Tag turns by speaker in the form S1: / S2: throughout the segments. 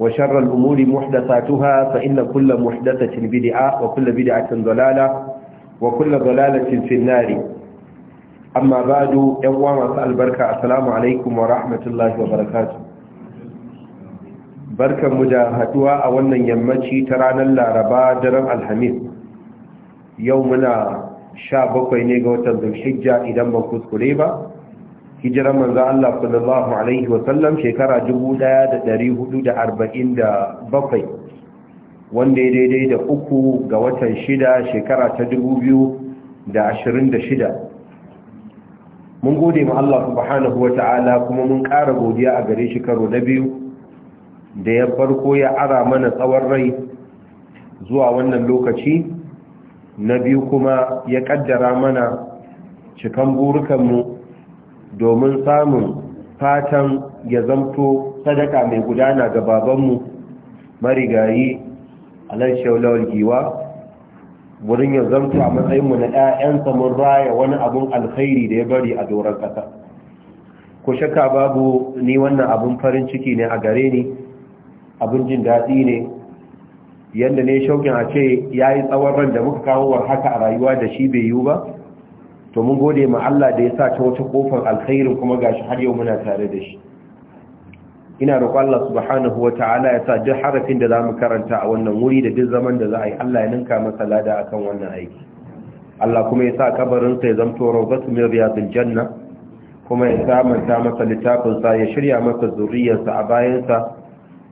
S1: وشر الأمور محدثاتها فإن كل محدثة بدعة وكل بدعة ضلالة وكل ضلالة في النار أما بعد يوم أسأل بركة السلام عليكم ورحمة الله وبركاته بركة مجاهدها أولا يمتشي ترانا لاربا درم الحميد يومنا شابك وينيغوتا ذو الحجة إذا ما كنت قريبا hijiran manzan Allah sallallahu alaihi wasallam shekara 1447 wanda ya daidai da uku ga watan shida shekara ta 2026 mun gode ma Allah subhanahu wata'ala kuma mun ƙara godiya a gare shi karo na biyu da ya farko ya ara mana tsawon rai zuwa wannan lokaci na biyu kuma ya ƙaddara mana cikan burukanmu domin samun fatan ya zamto sadaka mai gudana ga babanmu marigayi a nan shaulawar giwa wurin ya zamto a matsayinmu na 'ya'yansa mun raya wani abun alkhairi da ya bari a doron ƙasa ko shakka babu ni wannan abun farin ciki ne a gare ni abun jin daɗi ne yadda ne shaukin a ce ya yi tsawon ran da muka kawo haka a rayuwa da shi bai yiwu ba to mun gode ma Allah da ya sa ta wata kofar alkhairin kuma gashi har yau muna tare da shi ina roƙo Allah subhanahu wata'ala ya sa duk harafin da zamu karanta a wannan wuri da duk zaman da za a yi Allah ya ninka masa lada akan wannan aiki
S2: Allah kuma ya sa kabarin sa ya zanto basu min riyadil
S1: janna kuma ya samanta masa littafin sa ya shirya masa zuriyarsa a bayansa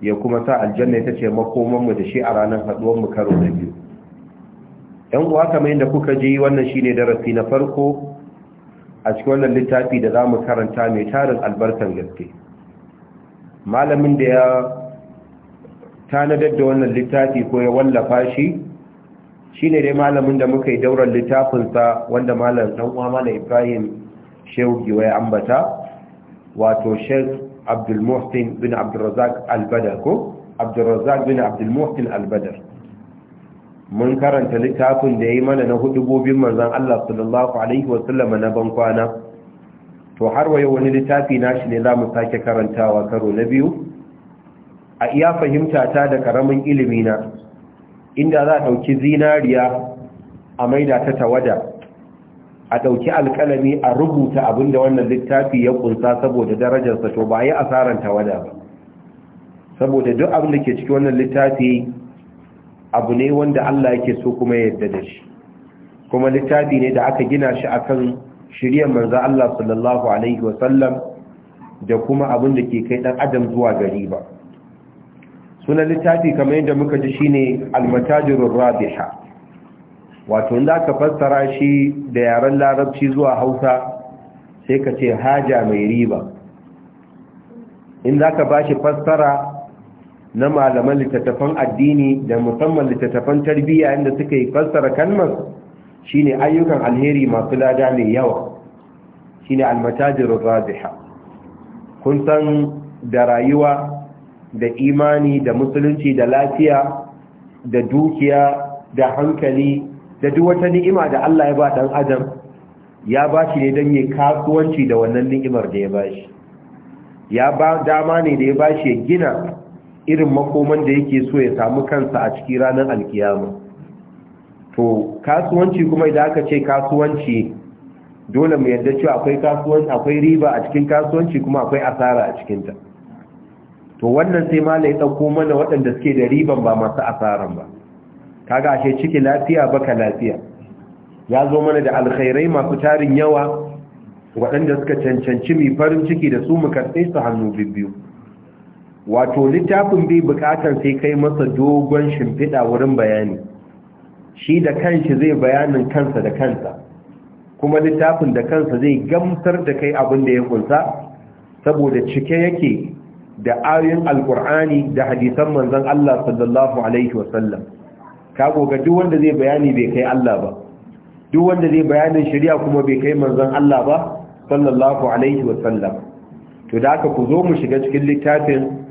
S1: ya kuma sa aljanna ita ce makoman da shi a ranar haduwar mu karo na biyu yan uwa kamar yadda kuka ji wannan shine darasi na farko a cikin wannan littafi da zamu karanta mai tarin albarkan gaske malamin da ya tanadar da wannan littafi ko ya wallafa shi shine dai malamin da muka yi daurar littafinsa wanda malam dan uwa malam Ibrahim Shehu ya ambata wato Sheikh Abdul Muhsin bin Abdul Razak Al-Badr ko Abdul Razak bin Abdul Muhsin Al-Badr mun karanta littafin da ya yi mana na hudubobin manzan Allah sallallahu Alaihi wasallama na kwana. to har wayo wani littafi na shi ne za mu sake karantawa karo na biyu a iya fahimta ta da karamin ilimina inda za a ɗauki zinariya a maida ta tawada a ɗauki alƙalami a rubuta abin da wannan littafi ya kunsa saboda darajarsa to ba yi asaran tawada ba saboda duk abin da ke cikin wannan littafi abu ne wanda Allah yake so kuma ya yarda da shi kuma littafi ne da aka gina shi akan shiriyar manzo Allah sallallahu alaihi wa da kuma abin da ke kai dan adam zuwa gari ba sunan littafi kamar yadda muka ji shine al-matajirur rabiha wato inda aka fassara shi da yaren larabci zuwa Hausa sai ka ce haja mai riba in za ka bashi fassara na malaman littattafan addini da musamman littattafan tarbiyya inda suka yi fassara kalmar shine ayyukan alheri masu lada mai yawa shine almatajirur rabiha kun san da rayuwa da imani da musulunci da lafiya da dukiya da hankali da duk wata ni'ima da Allah ya ba dan adam ya ba shi ne don yi kasuwanci da wannan ni'imar da ya ba shi ya ba dama ne da ya ba shi ya gina irin makoman da yake so ya samu kansa a cikin ranar alkiyama to kasuwanci kuma idan aka ce kasuwanci dole mu yadda cewa akwai kasuwanci akwai riba a cikin kasuwanci kuma akwai asara a cikinta to wannan sai malai dauko mana waɗanda suke da riban ba masu asaran ba kaga ashe ciki lafiya baka lafiya ya zo mana da alkhairai masu tarin yawa waɗanda suka cancanci mai farin ciki da su mu karɓe su hannu bibbiyu wato littafin bai bukatar sai kai masa dogon shimfiɗa wurin bayani shi da kanshi zai bayanin kansa da kansa kuma littafin da kansa zai gamsar da kai abin da ya kunsa saboda cike yake da ayoyin alkur'ani da hadisan manzon Allah sallallahu alaihi wasallam ka ga duk wanda zai bayani bai kai Allah ba duk wanda zai bayanin shari'a kuma bai kai manzon Allah ba sallallahu alaihi wasallam to da aka ku zo mu shiga cikin littafin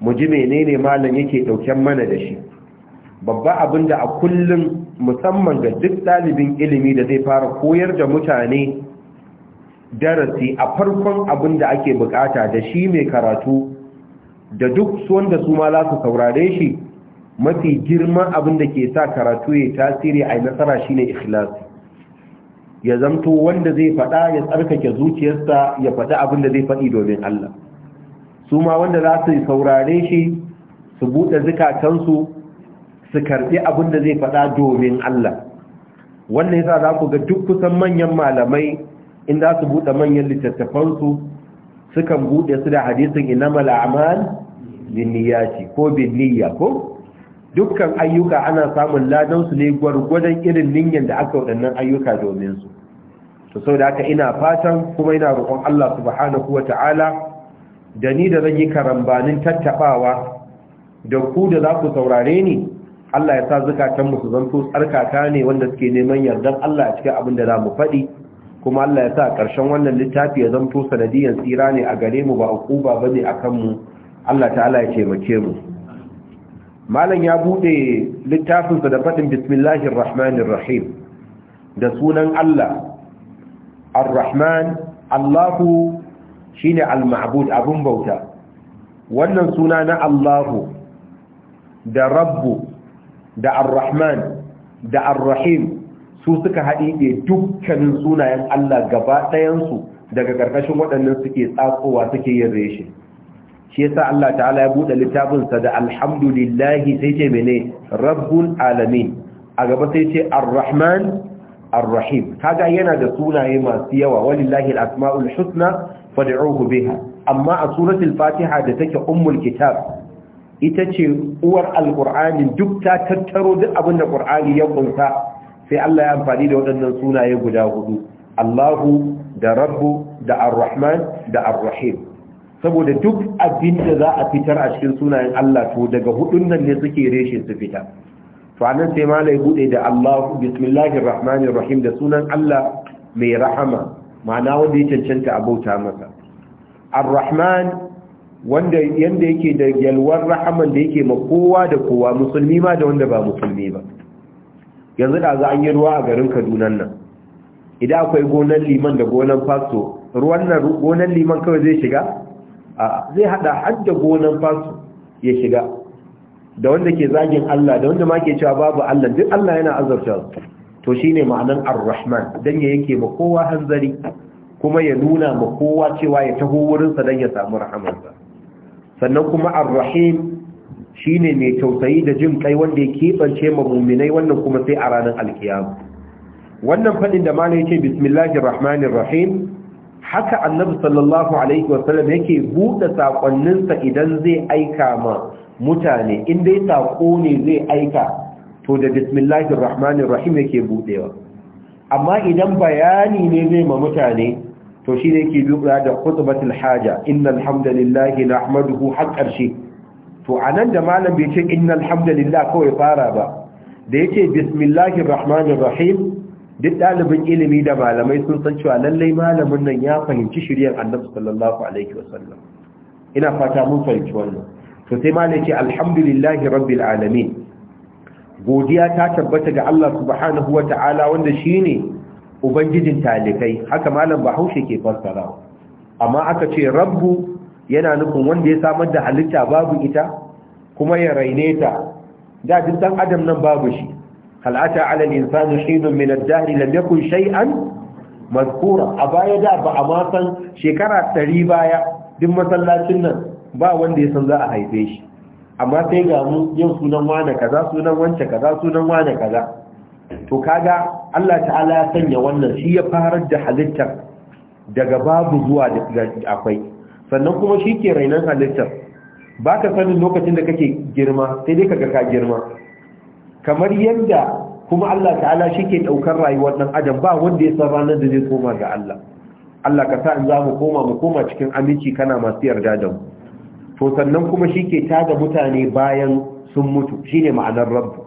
S1: mu ji menene malam yake ɗauken mana da shi babba abin da a kullum musamman ga duk ɗalibin ilimi da zai fara koyar da mutane darasi a farkon abin da ake bukata da shi mai karatu da duk wanda su ma za su saurare shi mafi girman abinda ke sa karatu ya tasiri a nasara shine ikhlasi ya zamto wanda zai faɗa ya tsarkake zuciyarsa ya faɗi abinda zai faɗi domin Allah su ma wanda za su saurare shi su buɗe zukatansu su karɓi abin da zai faɗa domin Allah wannan yasa za ku ga duk kusan manyan malamai in za su buɗe manyan littattafansu sukan buɗe su da hadisin inamal a'mal binniyati ko binniya ko dukkan ayyuka ana samun ladan su ne gwargwadon irin niyyar da aka waɗannan ayyuka domin su to saboda haka ina fatan kuma ina roƙon Allah subhanahu wata'ala da ni da zan yi karambanin tattaɓawa, da ku da za ku saurare ni Allah ya sa zukatanmu su zanto tsarkaka ne wanda suke neman yardan Allah a cikin abin da za mu faɗi kuma Allah ya sa ƙarshen wannan littafi ya zanto sanadiyan tsira ne a gare mu ba ba ne akan mu Allah ta'ala ya taimake mu malam ya bude littafinsa da faɗin bismillahir rahmanir rahim da sunan Allah ar-rahman Allahu shine al maabud abun bauta wannan suna na Allahu da Rabbu da Ar-Rahman da Ar-Rahim su suka haɗiɗe dukkanin sunayen Allah gaba ɗayansu daga ƙarƙashin waɗannan suke tsatsowa suke yin reshe shi yasa Allah ta'ala ya buɗe littafinsa da alhamdulillahi sai ce mene rabbul alamin a gaba sai ce ar-rahman ar-rahim kaga yana da sunaye masu yawa walillahi al-asma'ul husna fad'uhu biha amma a suratul fatiha da take ummul kitab ita ce uwar alqur'ani duk ta tattaro duk abin da qur'ani ya kunsa sai Allah ya amfani da waɗannan sunaye guda hudu Allahu da Rabbu da Ar-Rahman da Ar-Rahim saboda duk abin da za a fitar a cikin sunayen Allah to daga hudun nan ne suke reshe su fita to anan sai malai bude da Allahu bismillahir rahmanir rahim da sunan Allah mai rahama ma'ana wanda ya cancanta abauta masa ar-rahman wanda yanda yake da yalwar rahaman da yake ma kowa da kowa musulmi ma da wanda ba musulmi ba yanzu da za an yi ruwa a garin Kaduna nan idan akwai gonan liman da gonan fasto ruwan nan gonan liman kawai zai shiga a zai hada har da gonan fasto ya shiga da wanda ke zagin Allah da wanda ma ke cewa babu Allah duk Allah yana azabta to shine ma'anan ar-rahman dan ya yake ma kowa hanzari kuma ya nuna ma kowa cewa ya taho wurinsa dan ya samu rahamarsa sannan kuma ar-rahim shine mai tausayi da jin kai wanda ya keɓance ma mu'minai wannan kuma sai a ranar alkiyama wannan faɗin da malai ce "Bismillahi rahmanir rahim haka annabi sallallahu alaihi wasallam yake buɗe saƙonninsa idan zai aika ma mutane in dai saƙo ne zai aika to da bismillahir rahmanir rahim yake budewa amma idan bayani ne zai ma mutane to shi ne yake buɗa da khutbatul haja innal hamdalillahi nahmaduhu har ƙarshe to anan da malam bai ce innal hamdalillah kawai fara ba da yake bismillahir rahmanir rahim duk ɗalibin ilimi da malamai sun san cewa lallai malamin nan ya fahimci shiryar annabi sallallahu alaihi wasallam ina fata mun fahimci wannan to sai malai ce alhamdulillahi rabbil alamin godiya ta tabbata ga Allah subhanahu wa ta'ala wanda shi ne ubangijin talikai haka malam bahaushe ke fassarawa amma aka ce rabbu yana nufin wanda ya samar da halitta babu ita kuma ya raine ta da duk adam nan babu shi halata ata ala al-insani hinun min ad-dahr lam yakun shay'an mazkura a baya da ba a ma san shekara 100 baya duk masallacin nan ba wanda ya san za a haife shi amma sai ga mu yau sunan wane kaza sunan wance kaza sunan wane kaza to kaga Allah ta'ala ya sanya wannan shi ya farar da halittar daga babu zuwa da akwai sannan kuma shi ke rainon halittar ba ka sanin lokacin da kake girma sai dai kaga ka girma kamar yadda kuma Allah ta'ala shi ke ɗaukar rayuwar ɗan adam ba wanda ya san ranar da zai koma ga Allah Allah ka sa in za mu koma mu koma cikin aminci kana masu yarda da mu to sannan kuma shi ke taga mutane bayan sun mutu shine ma'anar rabbu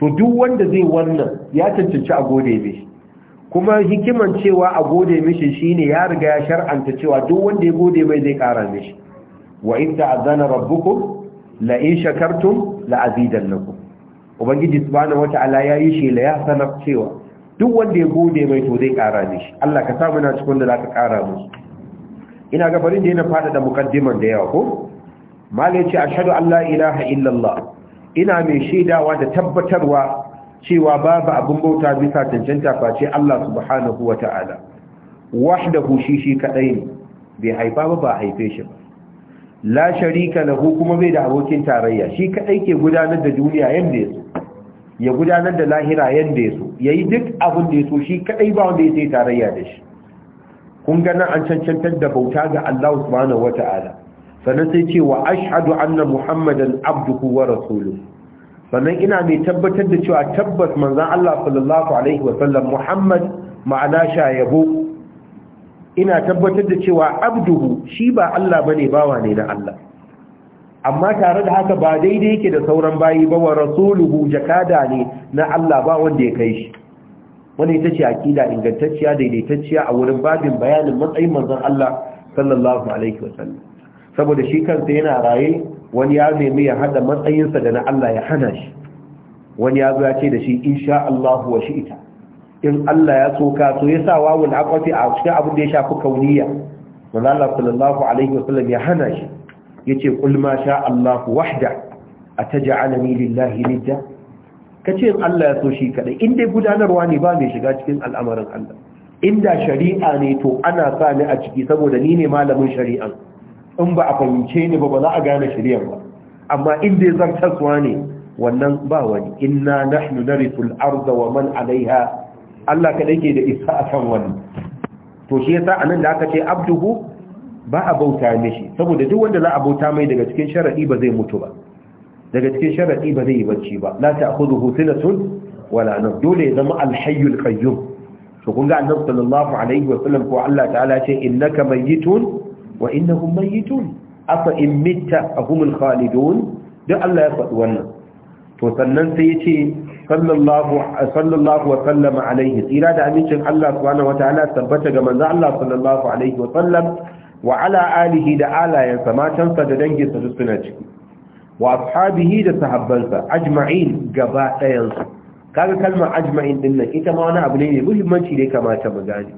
S1: to duk wanda zai wannan ya cancanci a gode mishi kuma hikiman cewa a gode mishi shine ya riga ya shar'anta cewa duk wanda ya gode mai zai kara mishi wa in ta'azzana rabbukum la in shakartum la azidannakum ubangiji subhanahu wata'ala ya yi shela ya sanar cewa duk wanda ya gode mai to zai kara mishi Allah ka sa muna cikin da za ka kara musu ina ga farin da yana fada da mukaddiman da yawa ko malai ce ashhadu an la ilaha illallah ina mai shaidawa da tabbatarwa cewa babu abin bauta bisa cancanta face Allah subhanahu ta'ala, wahda shi shi kadai ne bai haifa ba ba haife shi ba la sharika lahu kuma bai da abokin tarayya shi kadai ke gudanar da duniya yadda yake ya gudanar da lahira yadda ya so ya yi duk abin da ya shi kaɗai ba wanda ya sai tarayya da shi kun gana an cancantar da bauta ga Allah subhanahu ta'ala. sannan sai ce wa ashhadu anna muhammadan abduhu wa rasuluhu sannan ina mai tabbatar da cewa tabbas manzan Allah sallallahu alaihi wasallam muhammad ma'ana sha yabo ina tabbatar da cewa abduhu shi ba Allah ne bawa ne na Allah amma tare da haka ba daidai yake da sauran bayi ba wa rasuluhu jakada ne na Allah ba wanda ya kai shi wani ita ce akida ingantacciya daidaitacciya a wurin babin bayanin matsayin manzan Allah sallallahu alaihi wasallam saboda shi kansa yana raye wani ya nemi ya hada matsayinsa da na Allah ya hana shi wani ya zo ya ce da shi insha Allah wa ita. in Allah ya so ka so yasa wawul aqati a cikin abin da ya shafi kauniya manzo Allah sallallahu alaihi wasallam ya hana shi yace kul ma sha Allah wahda ataj'alani lillahi nidda ce in Allah ya so shi kadai in dai gudanarwa ne ba mai shiga cikin al'amarin Allah inda shari'a ne to ana sa ni a ciki saboda ni ne malamin shari'an in ba a fahimce ni ba ba za a gane shirya ba amma in dai zartaswa ne wannan ba wani inna nahnu narithul arda wa man alaiha Allah ka dake da isa a kan wani to shi yasa anan da aka ce abduhu ba a bauta mishi saboda duk wanda za a bauta mai daga cikin sharadi ba zai mutu ba daga cikin sharadi ba zai yi bacci ba la ta'khudhuhu sinatun wala nawm dole ya zama al-hayyul qayyum to kun ga annabi sallallahu alaihi wa sallam ko Allah ta'ala ce innaka mayyitun wa innahum mayitun afa in mitta ahumul khalidun duk Allah ya faɗi wannan to sannan sai yace sallallahu sallallahu wa alaihi tsira da amincin Allah subhanahu wataala tabbata ga manzo Allah sallallahu alaihi wa sallam wa ala alihi da alayansa matansa da danginsa duk suna ciki wa ashabihi da sahabbansa ajma'in gaba ɗayansu kaga kalmar ajma'in din ita ma wani abu ne mai muhimmanci da ya kamata mu gane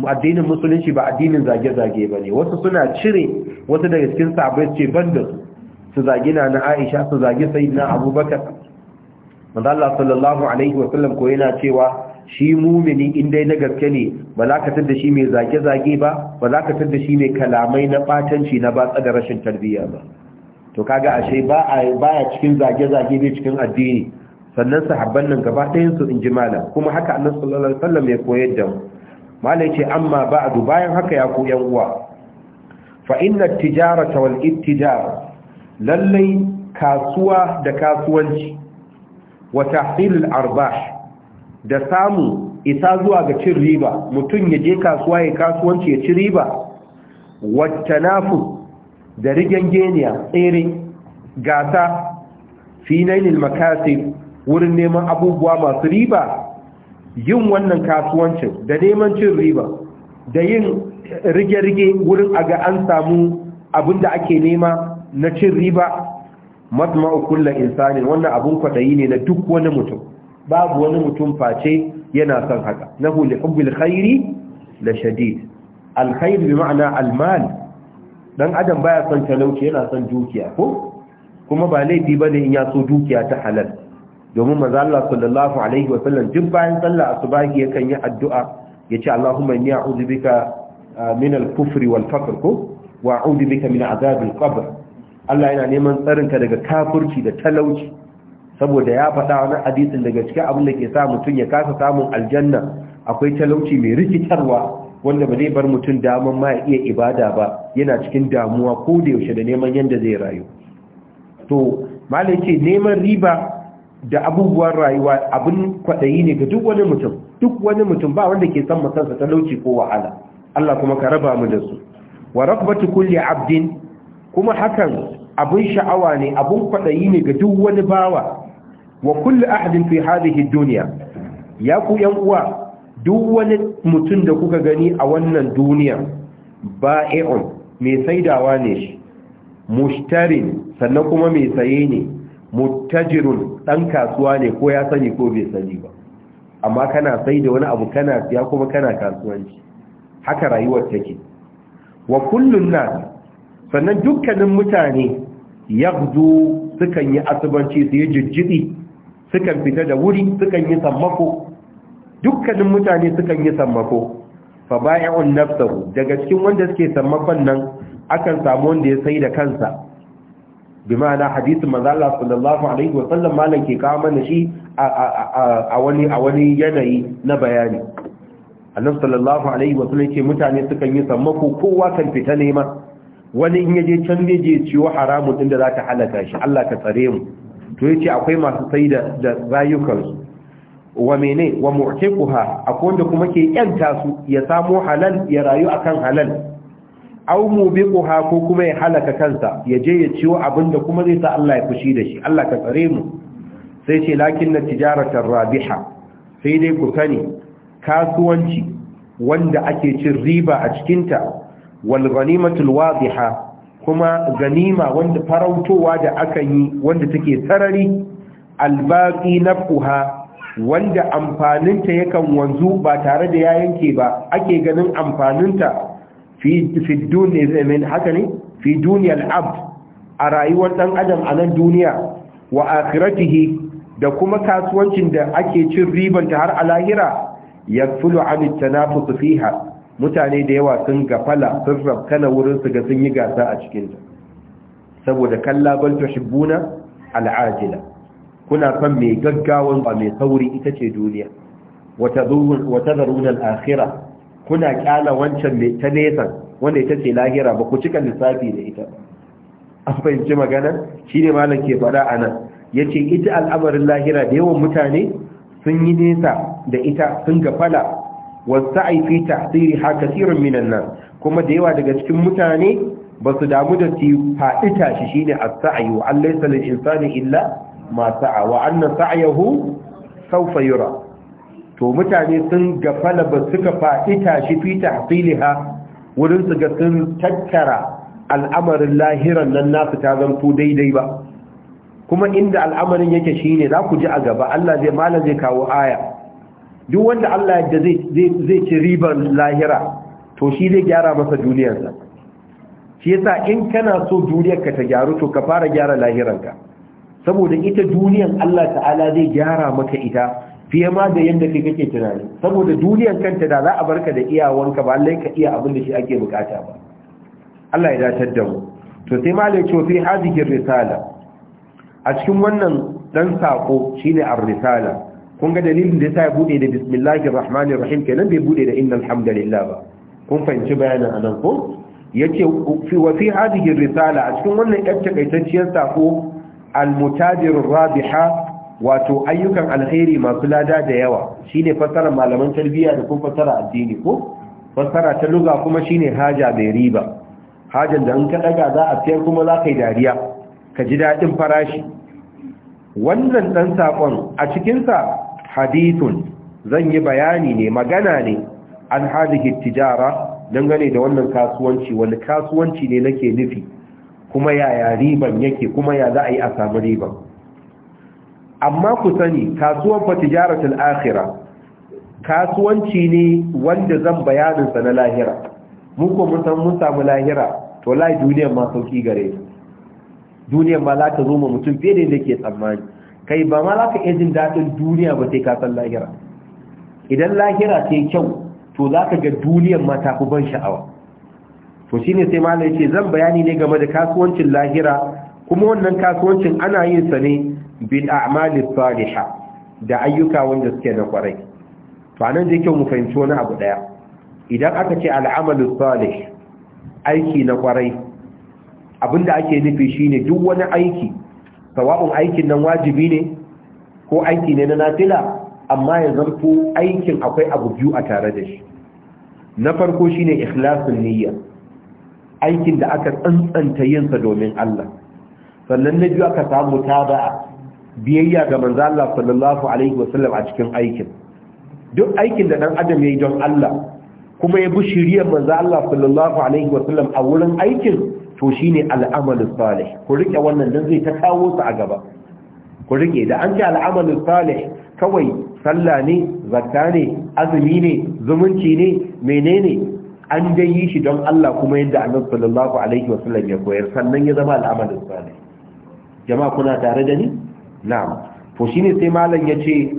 S1: addinin musulunci ba addinin zage-zage ba ne wasu suna cire wasu daga cikin sabai ce ban da su zage na na aisha su zage sai na abubakar Allah sallallahu alaihi wasallam ko yana cewa shi mumini in dai na gaske ne ba za ka tadda shi mai zage-zage ba ba za ka tadda shi mai kalamai na batanci na batsa da rashin tarbiyya ba to kaga ashe ba baya cikin zage-zage ne cikin addini sannan sahabban nan gaba su in ji malam kuma haka annabi sallallahu alaihi wasallam ya koyar da mu malai ce amma ba'du bayan haka ya ku yan uwa fa inna tijarata wal ittijar lallai kasuwa da kasuwanci wa tahil al arbah da samu isa zuwa ga cin riba mutum ya je kasuwa ya kasuwanci ya ci riba wa tanafu da rigangeniya, tsere gasa fi nailil makasib wurin neman abubuwa masu riba yin wannan kasuwancin da neman cin riba da yin rige-rige wurin aga an samu abin da ake nema na cin riba matuma kullum insanin wannan abun kwaɗayi ne na duk wani mutum babu wani mutum face yana son haka na huli hubbil khairi la shadid alkhair bi ma'ana almal dan adam baya son talauci yana son dukiya ko kuma ba laifi bane in ya so dukiya ta halal domin maza Allah sallallahu alaihi wa sallam duk bayan sallah ya kan yi addu'a ya Allahumma inni a'udhu bika ah, min al-kufri wal faqr ko wa a'udhu bika min azab al-qabr Allah yana neman tsarinka daga kafurci da talauci saboda ya faɗa wani hadisin daga cikin abin da ke sa mutum ya kasa samun aljanna akwai talauci mai rikitarwa wanda ba zai bar mutum daman ma ya iya ibada ba yana cikin damuwa ko da yaushe da neman yanda zai rayu to malai neman riba da abubuwan rayuwa abin kwaɗayi ne ga duk wani mutum duk wani mutum ba wanda ke san masansa talauci ko wahala Allah kuma ka raba mu da su wa rabbatu kulli abdin kuma hakan abin sha'awa ne abin kwaɗayi ne ga duk wani bawa wa kulli ahadin fi hadhihi dunya ya ku yan uwa duk wani mutum da kuka gani a wannan duniya ba'i'un mai saidawa ne shi mushtarin sannan kuma mai saye ne muttajirun dan kasuwa ne ko ya sani ko bai sani ba amma kana sai da wani abu kana siya kuma kana kasuwanci haka rayuwar take wa kullun nas sannan dukkanin mutane yaghdu sukan yi asubanci su yi jijjidi sukan fita da wuri sukan yi sammako dukkanin mutane sukan yi sammako fa bai'un nafsahu daga cikin wanda suke sammakon nan akan samu wanda ya sai da kansa bi ma'ana hadisin manzo sallallahu alaihi wa sallam malam ke kawo mana shi a wani yanayi na bayani annabi sallallahu alaihi wa sallam ce mutane sukan yi sammako kowa kan fita nema wani in yaje can ne je ciwo haramun din da za ta halaka shi Allah ka tsare mu to yace akwai masu sai da rayukansu wa mene wa mu'tiquha akwai wanda kuma ke yanta su ya samu halal ya rayu akan halal au ha, ko kuma ya halaka kansa ya je ya ciwo abinda kuma zai sa Allah ya fushi da shi Allah ka tsare mu sai ce lakin na tijaratar rabiha sai dai ku sani kasuwanci wanda ake cin riba a cikinta wal ganimatul wadiha kuma ganima wanda farautowa da aka yi wanda take sarari albaqi nafuha wanda amfaninta yakan wanzu ba tare da ya yanke ba ake ganin amfaninta fi duniya haka ne fi duniyar abd a rayuwar ɗan adam a nan duniya wa akhiratihi da kuma kasuwancin da ake cin ribanta har a lahira ya fulu na tanafus fiha mutane da yawa sun gafala sun rabkana wurin su ga sun yi gasa a cikin ta saboda kallabal tuhibbuna al'ajila kuna son mai gaggawan ba mai sauri ita ce duniya wata tadharuna al kuna kyala wancan ta nesan wanda ita ce lahira ba ku cika lissafi da ita an fahimci magana shi ne malam ke faɗa a nan ya ce ita al'amarin lahira da yawan mutane sun yi nesa da ita sun gafala wasu aifi tasiri ha kasirin minan nan kuma da yawa daga cikin mutane ba su damu da su faɗi tashi shi ne a sa'ayi wa allai insani illa ma sa'a wa annan sa'ayahu saufa yura to mutane sun gafala ba suka fa'ita shi fi ha wurin su ga sun tattara al'amarin lahiran nan nasu ta zanto daidai ba kuma inda al'amarin yake ne, za ku ji a gaba Allah zai mala zai kawo aya duk wanda Allah yadda zai ci ribar lahira to shi zai gyara masa duniyarsa shi yasa in kana so duniyarka ta gyaru to ka fara gyara lahiranka saboda ita duniyar Allah ta'ala zai gyara maka ita fiye ma da yadda kai kake tunani saboda duniyar kanta da za a barka da iyawanka ba lallai ka iya abin da shi ake bukata ba Allah ya dace da mu to sai malai ce fi hadikin risala a cikin wannan dan sako shine ar-risala kun ga dalilin da yasa ya bude da bismillahir rahmanir rahim kenan bai bude da innal hamdalillah ba kun fahimci bayanin anan ko yace fi wa fi hadihi risala a cikin wannan yar takaitacciyar sako al-mutadir rabiha wato ayyukan alheri masu lada da yawa shine fassara malaman tarbiyya da kuma fassara addini ko fasara ta luga kuma shine haja mai riba hajan da in ka daga za a sayar kuma za ka yi dariya ka ji daɗin farashi wannan ɗan saƙon a cikinsa hadithun zan yi bayani ne magana ne an hadihi tijara gane da wannan kasuwanci wani kasuwanci ne nake nufi kuma yaya riban yake kuma ya za a yi a samu riban amma ku sani kasuwan fa tijaratul akhirah kasuwanci ne wanda zan bayanin sa na lahira mu ko mun san mun samu lahira to lai duniya ma sauki gare duniya ma za ta zo ma mutum fiye da yadda ke tsammani kai ba ma za ka iya jin daɗin duniya ba sai ka san lahira idan lahira ta yi kyau to za ka ga duniya ma ta fi ban sha'awa to shine sai malai ce zan bayani ne game da kasuwancin lahira kuma wannan kasuwancin ana yin sa ne bil a'malis salihah da ayyuka wanda suke na kwarai to anan da yake mu fahimci wani abu daya idan aka ce al'amalus salih aiki na kwarai abinda ake nufi shine duk wani aiki sawa'un aikin nan wajibi ne ko aiki ne na nafila amma ya zarto aikin akwai abu biyu a tare da shi na farko shine ikhlasun niyya aikin da aka tsantsanta yinsa domin Allah sannan na biyu aka samu taba'a biyayya ga Manza Allah sallallahu alaihi wasallam a cikin aikin duk aikin da ɗan adam yayi don Allah kuma ya bi shiriyar manzo Allah sallallahu alaihi wasallam a wurin aikin to shine al'amalin salih ku riƙe wannan don zai ta kawo su a gaba ku riƙe da an ce al'amalus salih kawai sallah ne zakka ne azumi ne zumunci ne menene an dai yi shi don Allah kuma yadda annabi sallallahu alaihi wasallam ya koyar sannan ya zama al'amalin salih jama'a kuna tare da ni na'am to shine sai malam yace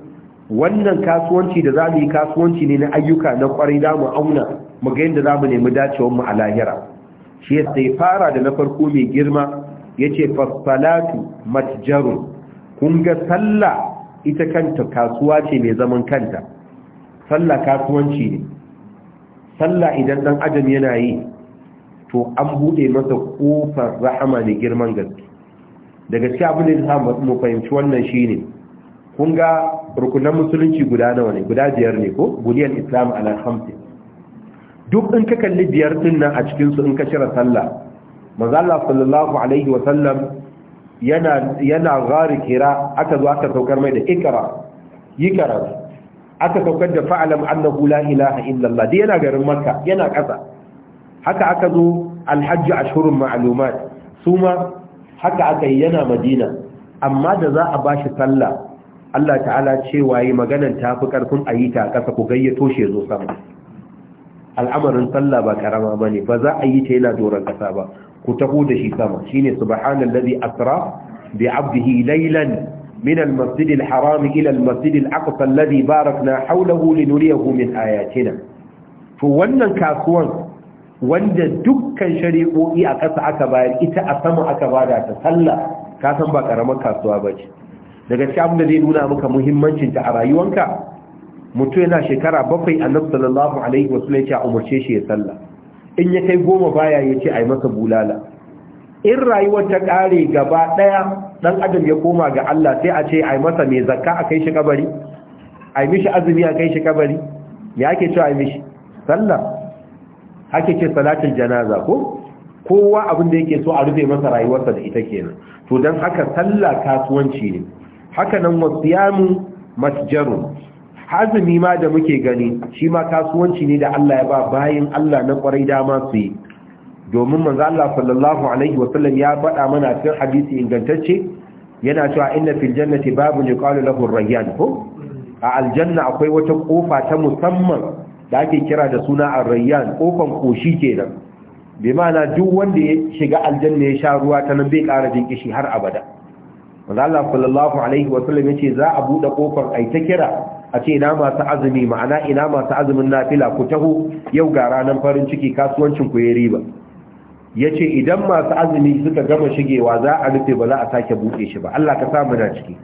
S1: wannan kasuwanci da zamu yi kasuwanci ne na ayyuka na kwarai mu auna mu ga yadda zamu nemi dacewar mu a lahira shi sai fara da na farko mai girma yace fasalatu matjarun kun ga sallah ita kanta kasuwa ce mai zaman kanta sallah kasuwanci ne sallah idan dan adam yana yi to an bude masa kofar rahama ne girman gaske daga cikin abin da za mu fahimci wannan shine kun ga rukunan musulunci guda nawa ne guda biyar ne ko buliyan islam ala hamsin duk in ka kalli biyar din nan a cikin su in ka shirya sallah manzo Allah sallallahu alaihi wa sallam yana yana gari kira aka zo aka saukar mai da ikra yi karatu aka saukar da fa'alam annahu la ilaha illa Allah dai yana garin makka yana kasa haka aka zo alhajj ashhurun ma'lumat suma haka aka yi yana madina amma da za a bashi sallah Allah ta'ala cewa yi maganan tafi ƙarfin a yi ta ƙasa ku gayyato shi zo sama al'amarin sallah ba karama ba ne ba za a yi ta yana doron ƙasa ba ku taho da shi sama shi ne subhanallazi asra bi abdihi laylan min al-masjid al-haram ila al-masjid al-aqsa alladhi barakna hawlahu linuriyahu min ayatina to wannan kasuwan wanda dukkan shari'o'i a ƙasa aka bayar ita a sama aka bada ta sallah ka san ba karamar kasuwa ba ce daga cikin abin da zai nuna muka muhimmancin ta a rayuwanka mutum yana shekara bakwai annabi sallallahu alaihi wa sallam ya umarce shi ya sallah in ya kai goma baya ya ce a yi masa bulala in rayuwar ta ƙare gaba ɗaya ɗan adam ya koma ga Allah sai a ce a yi masa mai zakka a kai shi kabari a yi mishi azumi a kai shi kabari Me ake cewa a yi mishi sallah hake ce salatin janaza ko kowa abin da yake so a rufe masa rayuwarsa da ita kenan to dan haka sallah kasuwanci ne haka nan wasiyamu masjarun hazumi ma da muke gani shi ma kasuwanci ne da Allah ya ba bayin Allah na kwarai dama su yi domin manzo Allah sallallahu alaihi wasallam ya faɗa mana cikin hadisi ingantacce yana cewa inna fil jannati babun yuqalu lahu ar-rayyan ko a aljanna akwai wata kofa ta musamman da ake kira da suna arrayyan kofan koshi kenan bi ma'ana duk wanda ya shiga aljanna ya sha ruwa ta nan bai ƙara jin kishi har abada wanda Allah sallallahu alaihi wa sallam yace za a bude kofar ai ta kira a ce ina masu azumi ma'ana ina masu azumin nafila ku taho yau ga ranar farin ciki kasuwancin ku ya riba yace idan masu azumi suka gama shigewa za a rufe ba za a sake buɗe shi ba Allah ka sa mu na ciki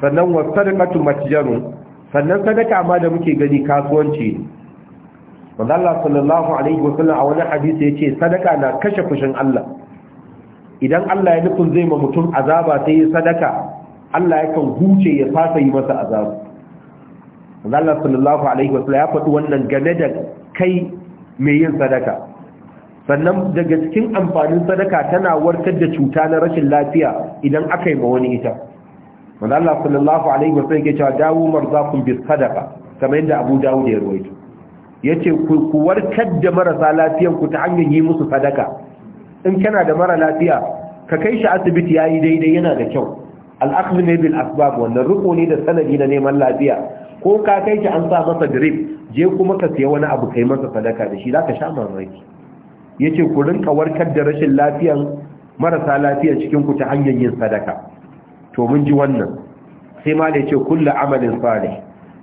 S1: sannan wasadaqatu matjarun sannan sadaka ma da muke gani kasuwanci wanda Allah sallallahu alaihi wasallam a wani hadisi ce sadaka na kashe fushin Allah idan Allah ya nufin zai ma mutum azaba sai ya sadaka Allah ya kan huce ya fasa yi masa azabu. wanda Allah sallallahu alaihi wasallam ya faɗi wannan game da kai mai yin sadaka sannan daga cikin amfanin sadaka tana warkar da cuta na rashin lafiya idan aka yi ma wani ita wanda Allah sallallahu alaihi wasallam yake cewa dawo marzakum bi sadaka. kamar yadda Abu Dawud ya rawaito yace ku warkar da marasa lafiyan ku ta hanyar yi musu sadaka in kana da mara lafiya ka kai shi asibiti yayi daidai yana da kyau al-akhdh ne bil asbab wannan riko ne da sanadi na neman lafiya ko ka kai shi an sa masa drip je kuma ka siya wani abu kai masa sadaka da shi zaka sha mamaki yace ku rinka warkar da rashin lafiyan marasa lafiya cikin ta hanyar yin sadaka to mun ji wannan sai ma da yace kullu amalin salih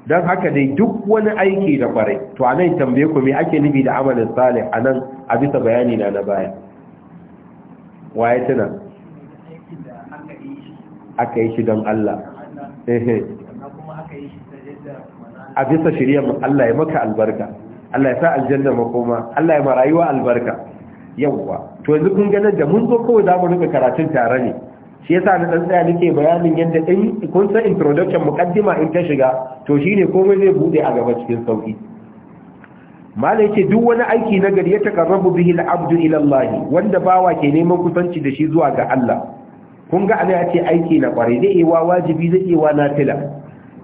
S1: don haka dai duk wani aiki da kware to a nan tambaye ku me ake nufi da amalin salih a nan a bisa bayani na na baya waye tuna aka yi shi don Allah a bisa shirya Allah ya maka albarka Allah ya sa aljanna makoma Allah ya marayuwa albarka yawwa to yanzu kun ganin da mun zo kawai za mu rika karatun tare ne shi yasa na dan tsaya nake bayanin yadda ɗan kun san introduction mukaddima in ta shiga to shine komai zai bude a gaba cikin sauki mala ce duk wani aiki na gari ya taqarrabu bihi al-abdu ila Allah wanda bawa ke neman kusanci da shi zuwa ga Allah kun ga ana yace aiki na kware zai yi wa wajibi zai yi wa nafila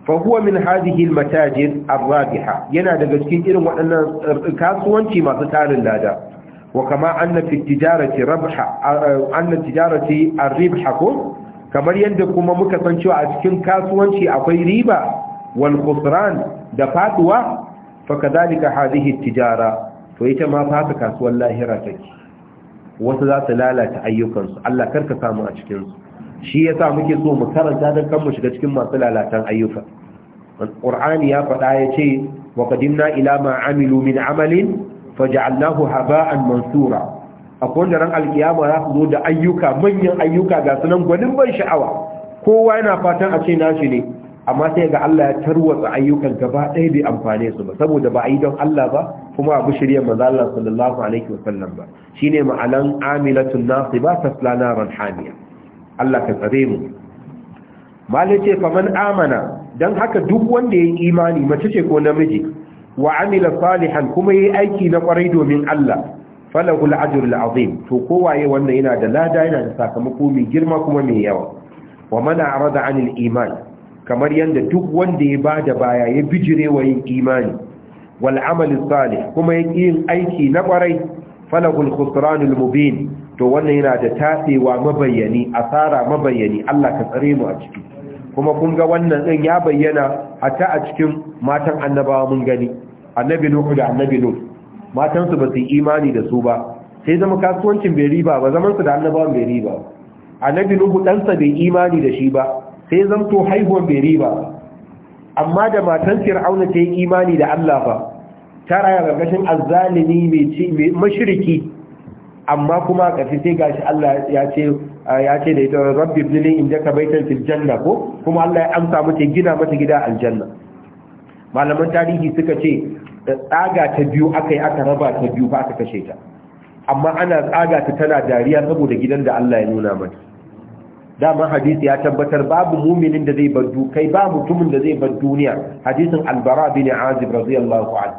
S1: fa huwa min hadhihi al-matajir ar-rabiha yana daga cikin irin waɗannan eh, kasuwanci masu tarin lada wakama annan tijarati arribha ko kamar yadda kuma muka san cewa a cikin kasuwanci akwai riba wal da faduwa faka zalika hadihi tijara to ita ma fata kasuwan lahira take wasu za su lalata ayyukansu allah karka samu a cikinsu shi ya sa muke so mu karanta don kan mu shiga cikin masu lalatan ayyuka ƙur'ani ya faɗa ya ce wa ila ma amilu min amalin faja'alnahu haba'an mansura akwai wanda ran alkiyama za su zo da ayyuka manyan ayyuka ga sunan gwanin ban sha'awa kowa yana fatan a ce nashi ne amma sai ga Allah ya tarwatsa ayyukan gaba ɗaya bai amfane su ba saboda ba a yi don Allah ba kuma abu shirya maza Allah sallallahu alaihi sallam ba ne ma'anan amilatun nasiba tasla naran hamiya Allah ka tsare mu malai ce faman amana don haka duk wanda ya yi imani mace ce ko namiji wa amila salihan kuma yayi aiki na kwarai domin Allah falahul ajrul azim to kowaye wannan yana da lada yana da sakamako mai girma kuma mai yawa wa man arada anil iman kamar yanda duk wanda ya bada baya ya bijire wa yin imani wal amal salih kuma yake yin aiki na kwarai falahul khusranul mubin to wannan yana da tasewa mabayyani asara mabayyani Allah ka tsare mu a ciki kuma kun ga wannan din ya bayyana hatta a cikin matan annabawa mun gani annabi nuhu da annabi lut matansu ba su yi imani da su ba sai zama kasuwancin bai riba ba zaman su da annabawan bai riba annabi nuhu ɗansa bai imani da shi ba sai zamto haihuwan bai riba amma da matan fir'auna ta yi imani da Allah ba ta raya gargashin azzalimi mai mashiriki amma kuma kafi sai gashi Allah ya ce ya ce da ita rabbi ka ka baitan fil janna ko kuma Allah ya amsa mata gina mata gida aljanna malaman tarihi suka ce da tsaga ta biyu aka yi aka raba ta biyu ba aka kashe ta amma ana tsaga ta tana dariya saboda gidan da Allah ya nuna mata dama hadisi ya tabbatar babu muminin da zai bar kai ba mutumin da zai bar duniya hadisin albara bin azib radiyallahu anhu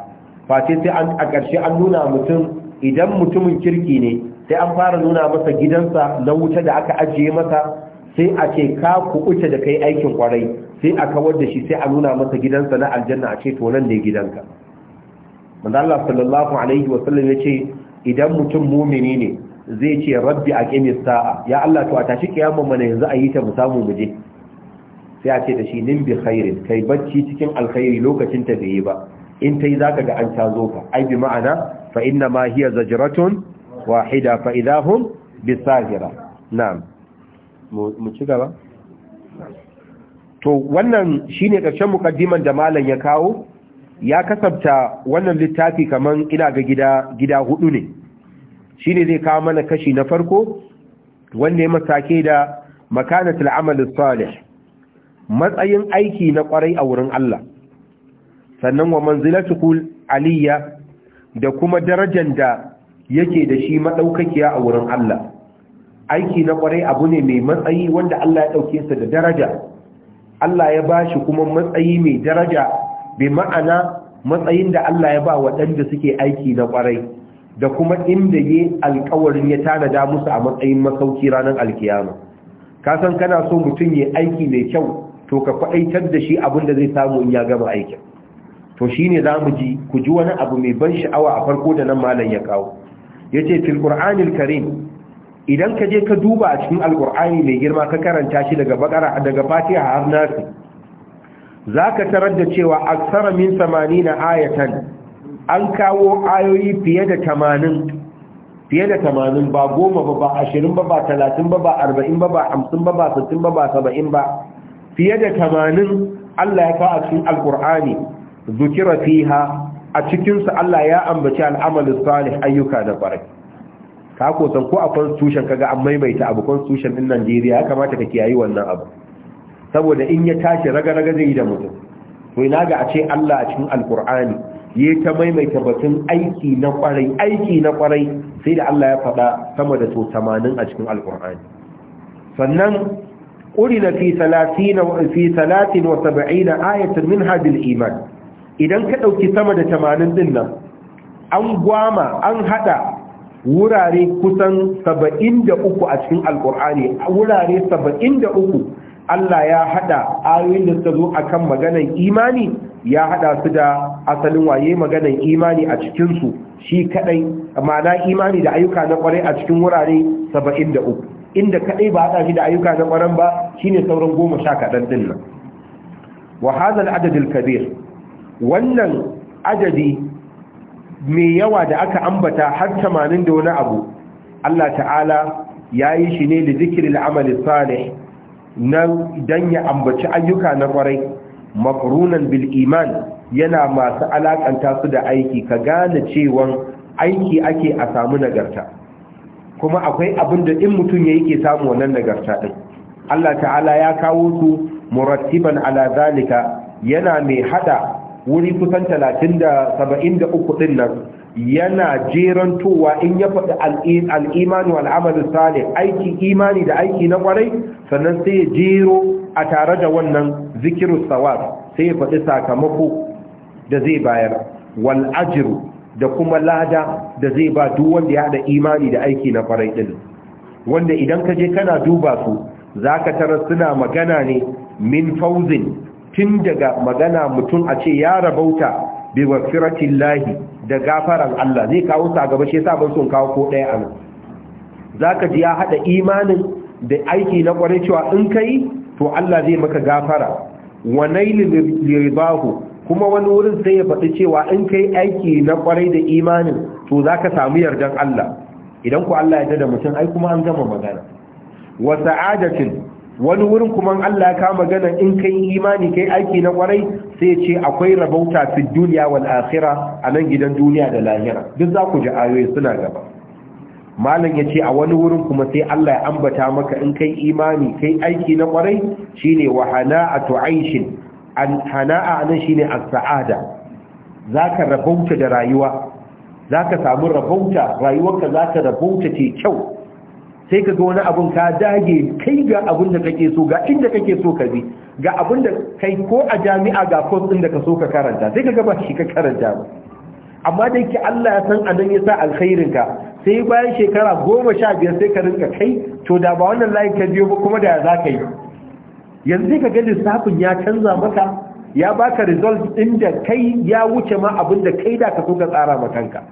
S1: face sai an a karshe an nuna mutum idan mutumin kirki ne sai an fara nuna masa gidansa na wuta da aka ajiye masa sai a ce ka kuɓuta da kai aikin kwarai sai a kawar da shi sai a nuna masa gidansa na aljanna a ce to nan ne gidanka manzo Allah sallallahu alaihi wa sallam yace idan mutum mumini ne zai ce rabbi aqimi sa'a ya Allah to a tashi kiyama mana yanzu a yi ta mu samu muje. sai a ce da shi nin bi khairin kai bacci cikin alkhairi lokacin ta bai yi ba in tai zaka ga an tazo ka ai bi ma'ana fa inna ma hiya zajratun wahida fa idahum bisahira na'am mu ci gaba to wannan shine ƙarshen mukaddiman da malam ya kawo ya kasabta wannan littafi kaman ina ga gida gida hudu ne shine zai kawo mana kashi na farko wanda ya masake da makanatul amal salih matsayin aiki na kwarai a wurin Allah sannan wa manzilatul aliyya da kuma darajar da yake da shi madaukakiya a wurin Allah aiki na kwarai abu ne mai matsayi wanda Allah ya dauke sa da daraja Allah ya ba shi kuma matsayi mai daraja bi ma'ana matsayin da Allah ya ba waɗanda suke aiki na ƙwarai da kuma inda yi alkawarin ya tanada musu a matsayin masauki ranar alkiyama ka san kana so mutum ya aiki mai kyau to ka faɗaitar da shi abin da zai samu in ya gama aikin to shi ne za mu ji ku ji wani abu mai ban sha'awa a farko da nan malam ya kawo ya ce Tilkur'anil karim idan ka je ka duba a cikin alkur'ani mai girma ka karanta shi daga bakara daga fatiha har nasi zaka tarar da cewa aksara min 80 ayatan an kawo ayoyi fiye da 80 fiye da 80 ba goma ba ba 20 ba ba 30 ba ba 40 ba ba 50 ba ba 60 ba ba 70 ba fiye da 80 Allah ya kawo a cikin alkur'ani zukira fiha a cikinsu Allah ya ambaci al'amalin salih ayyuka da barai ka ko san ko a constitution kaga an maimaita abu constitution din Najeriya ya kamata ka kiyayi wannan abu saboda in ya tashi raga raga zai yi da mutum to ina ga a ce Allah a cikin alqur'ani ya ta maimaita batun aiki na kwarai aiki na kwarai sai da Allah ya faɗa sama da so 80 a cikin alqur'ani sannan na fi 30 fi 73 ayatan minha bil iman idan ka dauki sama da 80 din nan an gwama an hada wurare kusan saba'in da uku a cikin alkur'ani wurare saba'in da uku Allah ya hada ayoyin da suka zo a kan maganar imani ya hada su da asalin waye maganar imani a cikin shi kadai ma'ana imani da ayyuka na kwarai a cikin wurare 73 inda kadai ba hada shi da ayyuka na kwarai ba shine sauran goma sha kadan din nan wa hadha al kabir wannan adadi mai yawa da aka ambata har tamanin da wani abu Allah ta'ala ya yi shi ne da zikirin amali salih na dan ya ambaci ayyuka na kwarai makarunan bil iman yana masu alakanta su da aiki ka gane cewan aiki ake a samu nagarta kuma akwai abin da in mutum ya yake samu wannan nagarta din Allah ta'ala ya kawo su murattiban ala zalika yana mai hada wuri kusan 30 da din nan yana jerantowa in ya faɗi al'imani al'amalin salih aiki imani da aiki na kwarai sannan sai ya jero a tare da wannan zikirus sawar sai ya faɗi sakamako da zai bayar wal ajiru da kuma lada da zai ba duk wanda ya haɗa imani da aiki na kwarai ɗin wanda idan ka je kana duba su za ka tara suna magana ne min fauzin tun daga magana mutum a ce ya rabauta bi wafiratin lahi da gafaran Allah zai kawo sa gaba shi sa sabon sun kawo ko ɗaya anan za ka ji ya haɗa imanin da aiki na ƙwarai cewa in ka yi to Allah zai maka gafara wa naili liribahu kuma wani wurin sai ya faɗi cewa in ka yi aiki na ƙwarai da imanin to za ka samu yardan Allah idan ku Allah ya da mutum ai kuma an gama magana wa sa'adatin wani wurin kuma Allah ka magana in kai imani kai aiki na kwarai sai ce akwai rabauta fi duniya wal akhirah a nan gidan duniya da lahira duk za ku ji ayoyi suna gaba malam ya ce a wani wurin kuma sai Allah ya ambata maka in kai imani kai aiki na kwarai shine wa hana'atu aishin an hana'a nan shine as-sa'ada zaka rabauta da rayuwa zaka samu rabauta rayuwarka zaka rabauta ce kyau sai ka ga wani abun ka dage kai ga abun da kake so ga inda kake so ka bi ga abun da kai ko a jami'a ga kos din da ka so ka karanta sai ka ga ba shi ka karanta ba amma dai ki Allah ya san anan ya sa alkhairin ka sai bayan shekara goma sha biyar sai ka rinka kai to da ba wannan layin ka biyo ba kuma da ya za ka yi yanzu sai ka ga lissafin ya canza maka ya baka result din da kai ya wuce ma abin da kai da ka so ka tsara ma kanka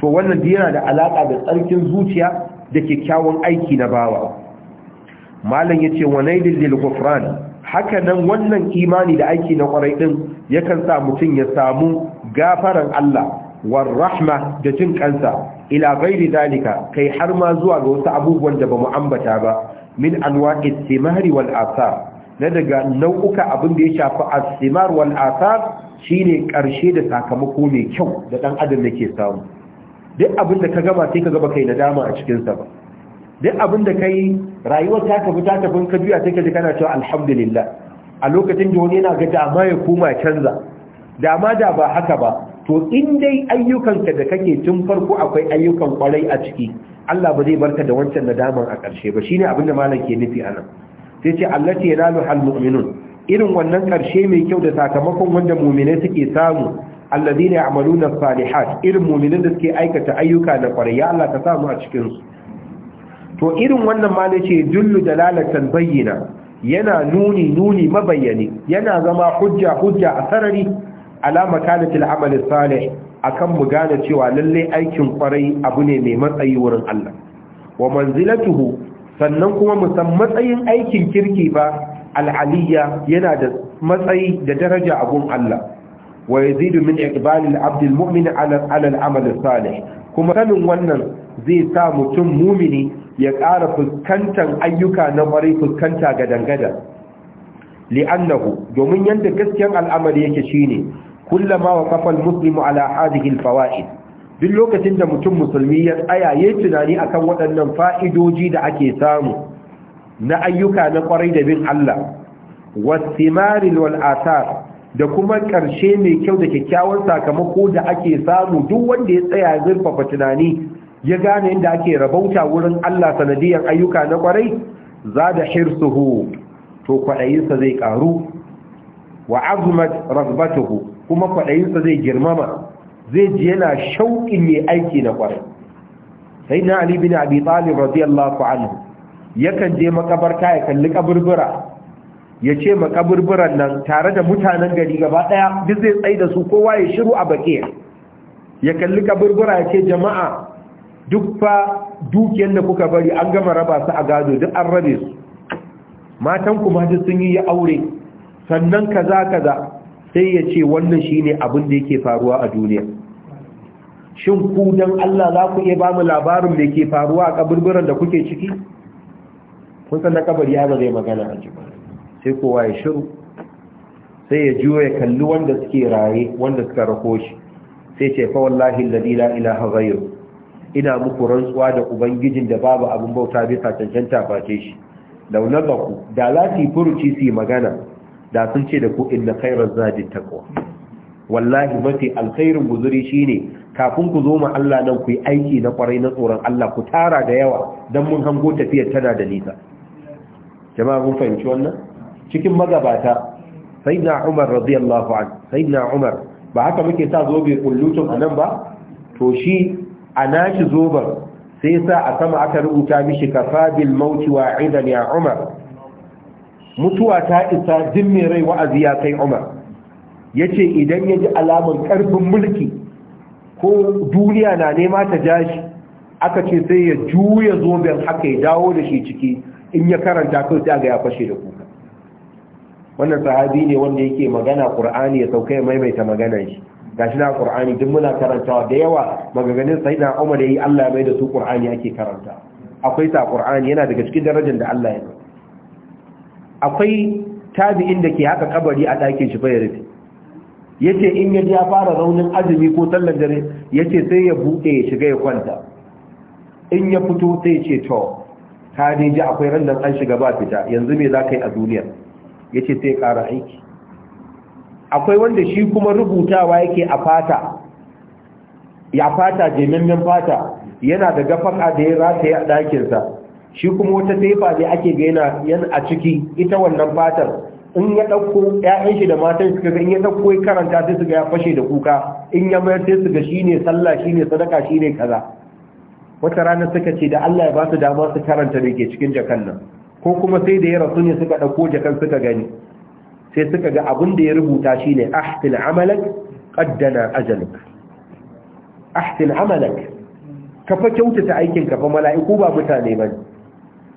S1: to wannan yana da alaka da tsarkin zuciya da kyakkyawan aiki na bawa malam yace wa nailil lil haka nan wannan imani da aiki na kwarai din yakan sa mutum ya samu gafaran Allah war rahma da jin kansa ila ghairi dalika kai har ma zuwa ga wasu abubuwan da bamu ambata ba min anwa'i thimari wal athar na daga nau'uka abin da ya shafi asimar wal athar shine karshe da sakamako mai kyau da dan adam yake samu duk abin da ka gama sai ka gaba kai nadama a cikinsa ba duk abin da kai rayuwar ta tafi ta tafi ka juya sai ka ji kana cewa alhamdulillah a lokacin da wani yana ga dama ya koma canza dama da ba haka ba to in dai ayyukanka da kake tun farko akwai ayyukan kwarai a ciki Allah ba zai barka da wancan nadaman a ƙarshe ba shine abin da malam ke nufi anan sai ce allati yanalu hal mu'minun irin wannan ƙarshe mai kyau da sakamakon wanda mu'minai suke samu alladhina na salihat irin mu'minin da suke aikata ayyuka da kwarai Allah ka samu a cikin su to irin wannan ma nace jullu Lalatan bayyana yana nuni nuni mabayyane yana zama hujja hujja a sarari alama kanatil amal salih akan mu gane cewa lallai aikin kwarai abu ne mai matsayi wurin Allah wa manzilatuhu sannan kuma musan matsayin aikin kirki ba al'aliyya yana da matsayi da daraja abun Allah wa yazidu min iqbalil abd almu'min ala ala salih kuma sanin wannan zai sa mutum mumini ya ƙara fuskantar ayyuka na ƙwarai fuskanta ga dangada li'annahu domin yadda gaskiyar al'amari yake ne, kullama wa kafal muslimu ala hadhihi alfawaid duk lokacin da mutum musulmi ya tsaya yayin tunani akan waɗannan fa'idoji da ake samu na ayyuka na ƙwarai da bin Allah wasimaril wal athar da kuma ƙarshe mai kyau da kyakkyawan sakamako da ake samu duk wanda ya tsaya ya zurfafa tunani ya gane yadda ake rabauta wurin Allah sanadiyar ayyuka na kwarai za da hirsuhu to kwaɗayinsa zai ƙaru wa azumat rasbatuhu kuma kwaɗayinsa zai girmama zai ji yana shauƙin mai aiki na kwarai sai na ali bin abi talib radiyallahu anhu yakan je makabarta ya kalli kaburbura ya ce makaburburan nan tare da mutanen gari gaba ɗaya duk zai tsaye da su kowa ya shiru a baƙe ya kalli kaburbura ya ce jama'a duk fa dukiyar da kuka bari an gama raba su a gado duk an rabe su matan kuma duk sun yi ya aure sannan kaza kaza sai ya ce wannan shine abin da yake faruwa a duniya shin ku dan Allah za ku iya ba mu labarin da ke faruwa a kaburburan da kuke ciki kun san na kabari ya ba zai magana a sai kowa ya shiru sai ya juyo ya kalli wanda suke raye wanda suka rako shi sai ce fa wallahi alladhi la ilaha ghayru ina muku rantsuwa da ubangijin da babu abin bauta bisa cancanta face shi Da ba ku da za furuci su magana da sun ce da ku inna khairaz zadi taqwa wallahi mafi alkhairu guzuri shine kafin ku zo ma Allah nan ku yi aiki na kwarai na tsoron Allah ku tara da yawa dan mun hango tafiyar tana da nisa jama'a mun fahimci wannan cikin magabata na Umar radiyallahu anhu na Umar ba haka muke sa zobe kullutun anan ba to shi a nashi zoben, sai sa a sama aka rubuta mishi kafabil mauti wa'idan ya Umar mutuwa ta isa jin mai rai wa'azi ya kai Umar yace idan ya ji alamun karfin mulki ko duniya na nema ta jashi aka ce sai ya juya zoben haka ya dawo da shi ciki in ya karanta kai sai ga ya fashe da ku wannan sahabi ne wanda yake magana qur'ani ya sauka ya maimaita magana shi gashi na qur'ani duk muna karantawa da yawa magaganin sayyidina Umar yayi Allah ya maida su qur'ani ake karanta akwai sa qur'ani yana daga cikin darajar da Allah ya akwai tabi'in da ke haka kabari a ɗakin shi bai ya rufe yace in ya ya fara raunin azumi ko sallar dare yace sai ya buɗe ya shiga ya kwanta in ya fito sai ya ce to ka ji akwai randan an shiga ba fita yanzu me za ka yi a duniyar ya ce sai ƙara aiki akwai wanda shi kuma rubutawa yake a fata ya fata jemimmin fata yana da gafaka da ya rataya a ɗakinsa shi kuma wata taifa da ake ga yana a ciki ita wannan fatar in ya ɗauko ‘ya'yan shi da matan suka ga in ya ɗauko ya karanta sai su ga ya fashe da kuka in ya mayar sai su ga shi ne sallah shi ne sadaka shi ne kaza wata rana suka ce da Allah ya ba su dama su karanta da ke cikin jakan nan ko kuma sai da ya rasu ne suka ɗauko jakan suka gani sai suka ga abin da ya rubuta shi ne ahtin amalak ƙaddana ajalik ahtin amalak ka fa kyautata aikin ka fa mala'iku ba mutane ba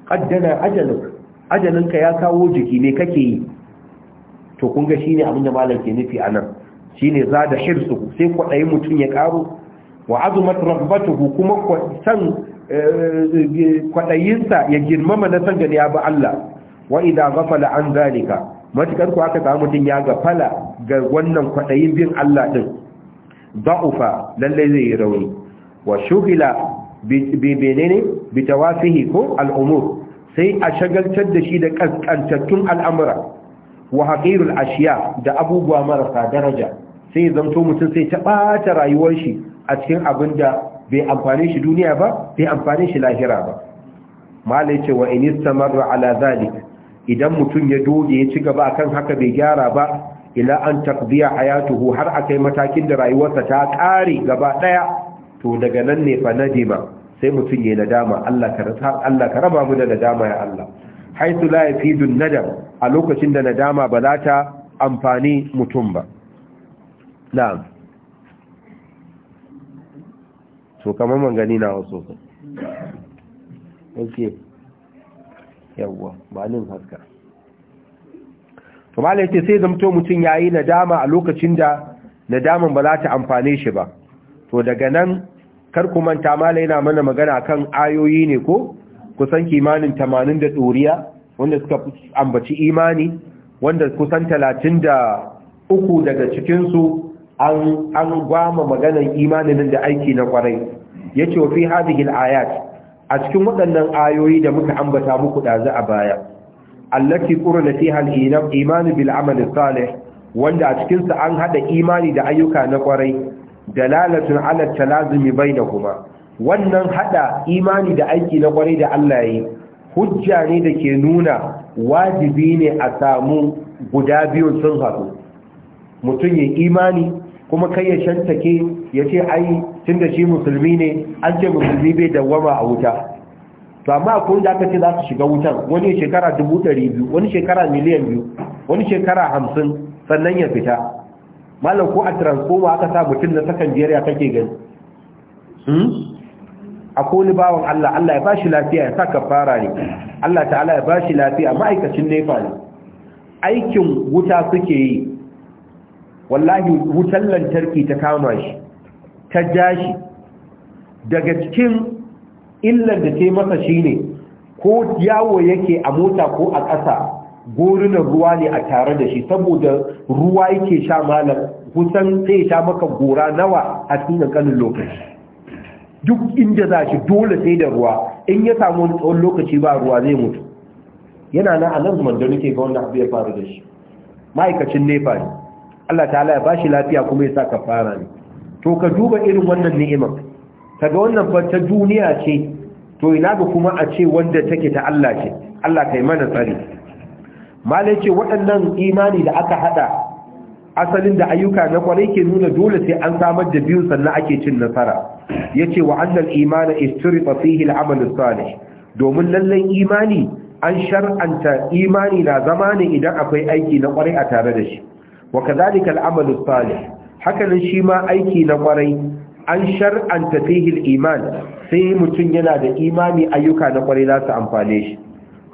S1: ƙaddana ajalik ajalinka ya kawo jiki ne kake yi to kun ga shine abin da malam ke nufi anan shine za da hirsu sai kwaɗayi mutum ya ƙaro wa azumat rabbatuhu kuma san Eh, eh, kwaɗayinsa ya girmama na san gani ya bi Allah wa idan gafala an zalika matukar ku aka samu mutum ya gafala ga wannan kwaɗayin bin Allah ɗin ba'ufa lallai zai yi rauni wa shughila bi menene bi ko al'umur sai a shagaltar da shi da kaskantattun al'amura wa haqirul ashiya da abubuwa marasa daraja sai zamto mutum sai ta ɓata rayuwar shi a cikin abinda. bai amfane shi duniya ba bai amfane shi lahira ba malai ce wa in istamarra ala alazali idan mutum ya doge ya ci gaba akan haka bai gyara ba ila an taqdiya hayatuhu har akai matakin da rayuwarsa ta kare gaba daya to daga nan ne fa nadima sai mutum ya nadama Allah ka rasa Allah ka raba mu da nadama ya Allah haitu la yafidu nadam a lokacin da nadama ba za ta amfani mutum ba na'am To kamar man gani na wasu sun oke yawwa ba haska to malai ce sai zamto mutum yayi nadama a lokacin da nadaman ba za ta amfane shi ba to daga nan kar ku manta malai yana mana magana kan ayoyi ne ko kusan kimanin tamanin da tsoriya wanda suka ambaci imani wanda kusan talatin da uku daga cikinsu an gwama maganar imanin da aiki na kwarai ya ce fi hadihil ayat a cikin waɗannan ayoyi da muka ambata muku ɗazu a baya allafi ƙura na al imanin bil salih wanda a cikinsa an haɗa imani da ayyuka na kwarai dalalatun bai da kuma. wannan 'haɗa imani da aiki na kwarai da Allah yi hujja ne da ke nuna wajibi ne a samu guda biyun sun haɗu mutum ya imani kuma kai ya shantake ya ce ai tun da shi musulmi ne an ce musulmi bai dawama a wuta to amma akwai da aka ce za su shiga wutan wani shekara dubu ɗari biyu wani shekara miliyan biyu wani shekara hamsin sannan ya fita malam ko a transforma aka sa mutum na sakan jeriya kake gani a koli bawon Allah Allah ya bashi lafiya ya sa kafara ne Allah ta'ala ya bashi lafiya ma'aikacin nefa ne aikin wuta suke yi wallahi wutar lantarki ta kama shi ta ja shi daga cikin illar da taimaka masa ne, ko yawo yake a mota ko a ƙasa gorunan ruwa ne a tare da shi saboda ruwa yake sha malam kusan sai sha maka gora nawa a cikin ƙanƙanin lokaci duk inda za shi dole sai da ruwa in ya samu tsawon lokaci ba ruwa zai mutu yana nan a nan zuman da nake ga wanda abu ya faru da shi ma'aikacin nefa ne Allah ta'ala ya bashi lafiya kuma ya sa kafara ne to ka duba irin wannan ni'imar kaga wannan fa ta duniya ce to ina ga kuma a ce wanda take ta Allah ce Allah kai mana tsari malai ce waɗannan imani da aka hada asalin da ayyuka na kwarai ke nuna dole sai an samar da biyu sannan ake cin nasara yace wa annal imana istirifa fihi al-amal salih domin lallan imani an shar'anta imani na zama ne idan akwai aiki na kwarai a tare da shi wa kadhalika al-amalu salih haka nan shi ma aiki na kwarai an shar'anta fihi al-iman sai mutun yana da imani ayyuka na kwarai za su amfane shi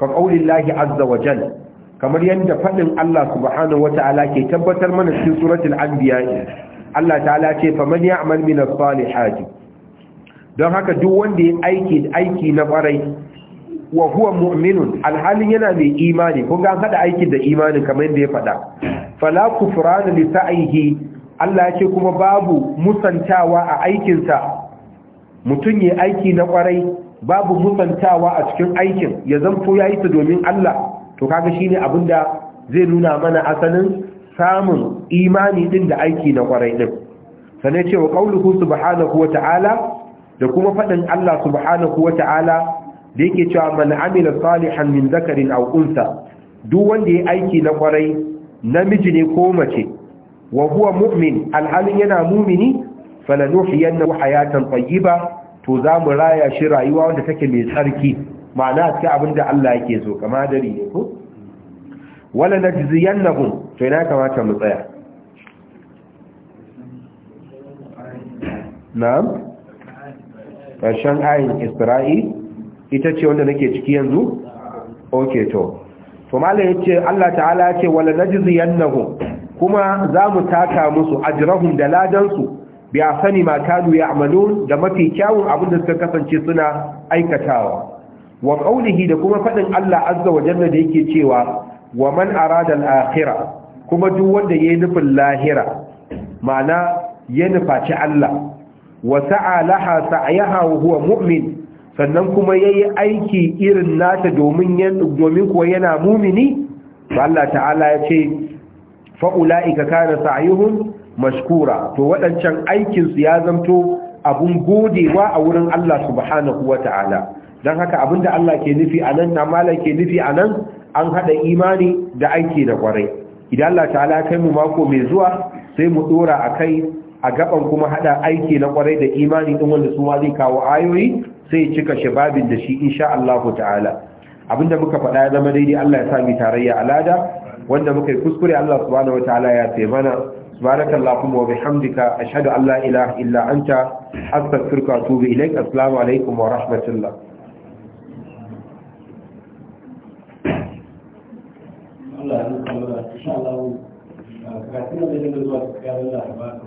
S1: ka qaulillahi azza wa jalla kamar yadda fadin Allah subhanahu ta'ala ke tabbatar mana cikin suratul anbiya Allah ta'ala ce faman ya'mal min as-salihati don haka duk wanda ya aiki aiki na kwarai wa huwa mu'minun alhalin yana mai imani kun ga hada aikin da imani kamar yadda ya faɗa fala kufran li sa'ihi Allah ya ce kuma babu musantawa a aikinsa mutum ya aiki na kwarai babu musantawa a cikin aikin ya zanto ya ta domin Allah to kaga shi ne da zai nuna mana asalin samun imani din da aiki na kwarai din sanai ce wa qauluhu subhanahu ta'ala da kuma faɗin Allah subhanahu ta'ala. da yake cewa man amila salihan min zakarin aw unsa duk wanda ya aiki na kwarai namiji ne ko mace wa huwa mu'min alhalin yana mumini falanuhiyannahu hayatan tayyiba to za mu raya shi rayuwa wanda take mai tsarki ma'ana sai abinda Allah yake so kama dari ne ko wala najziyannahum to ina kamata mu tsaya na'am ayin isra'i ita ce wanda nake ciki yanzu Ok to to malam yace Allah ta'ala ya yace wala najziyannahum kuma za mu taka musu ajrahum da ladansu bi asani ma kanu ya'malun da mafi kyawun abin da suka kasance suna aikatawa wa qawlihi da kuma fadin Allah azza wa jalla da yake cewa wa man arada al-akhirah kuma duk wanda yayi nufin lahira ma'ana ya nufaci Allah wa sa'a laha sa'yaha wa huwa mu'min sannan kuma ya yi aiki irin nata domin kuwa yana mumini ba Allah ta'ala ya ce fa ulaika kana sa'yuhum mashkura to waɗancan aikinsu ya zamto abun godewa a wurin Allah subhanahu ta'ala Don haka abin da Allah ke nufi anan namala ke nufi a nan an haɗa imani da aiki da ƙwarai. idan Allah ta'ala kai mu mako mai zuwa sai mu ɗora a kai a gaban kuma haɗa aiki na ƙwarai da imani ɗin wanda su ma zai kawo ayoyi sai cika shababin da shi insha Allah ta'ala abinda muka faɗa ya zama daidai Allah ya sa mu tarayya alada wanda muka yi kuskure Allah subhanahu wataala ya tsaye mana subhanakallahumma wa bihamdika ashhadu an la ilaha illa anta astaghfiruka wa atubu ilaik assalamu alaikum wa rahmatullah Allah ya Allah da